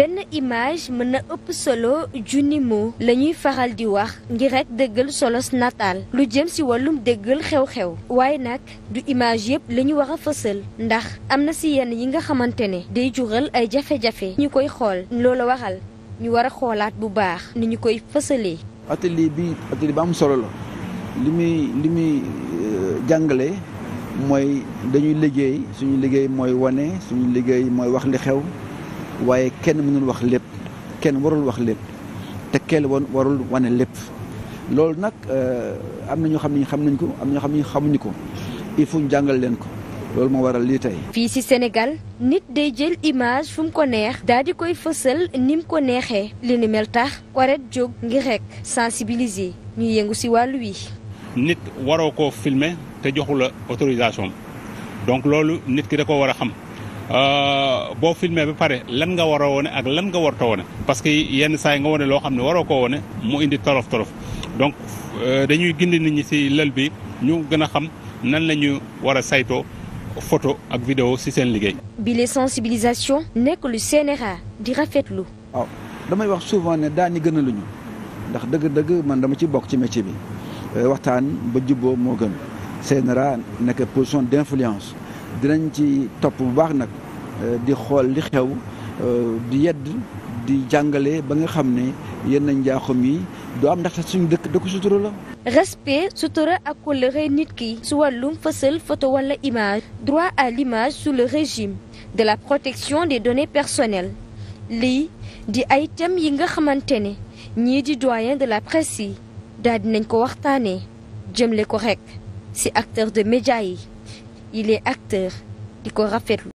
benn image mën na ëpp solo junni moo la ñuy faral di wax ngir rek dëggal solos nataal lu jëm ci wàllum dëggal xew-xew waaye nag du image yëpp la ñu war a fësal ndax am na ci yenn yi nga xamante ne day jural ay jafe-jafe ñu koy xool loola waxal ñu war a xoolaat bu baax ni ñu koy fësalee. atelier bi atelier ba am solo la li muy li muy euh, jàngale mooy dañuy liggéey suñu liggéey mooy wane suñu liggéey mooy wax li xew. waaye kenn mënul wax lépp kenn warul wax lépp te kenn warul wane lépp loolu nag euh, am na ñoo xam ne xam nañ ko am ñoo xam ne xamuñu ko il faut ñu jàngal leen ko loolu moo waral lii tey. fii ci Sénégal nit day jël image fu ko neex daal di koy fësal ni mu ko neexee li ni mel tax Corrède jóg ngir rek sensibiliser ñu yëngu ci wàllu wi. nit waroo ko filme te joxu la autorisation donc loolu nit ki da ko war a xam. Euh, boo filmé ba pare lan nga war a wone ak lan nga warta wone parce que yenn saa yi nga wone loo xam ne waroo ko wone mu indi tolof tolof donc euh, dañuy gindi nit ñi ci lël bi ñu gën a xam nan la ñu war a saytoo photo ak vidéo ci seen liggéey. bile sensibilisation nekk lu CNRA di rafetlu. waaw damay wax souvent ne daa ñu gën a luñu ndax dëgg-dëgg man dama ci bokk ci métier bi euh, waxtaan ba jiboo moo gën CNRA nekk position d'influence. dinañ ci topp bu baax nag euh, di xool li xew euh, di yedd di jàngale ba nga xam ne yenn njaaxum yi du am ndaxte suñu dëkk dëkk sutura la. respect sutura ak kóllëre nit ki. su wàllum fësal photo wala image. droit à l'image su le régime de la protection des données personnelles lii di ay thèmes yi nga xamante ne ñii di doyen de la presse daal dinañ ko waxtaanee jëmle ko rekk ci acteur de média yi. il est acteur di ko rafetlu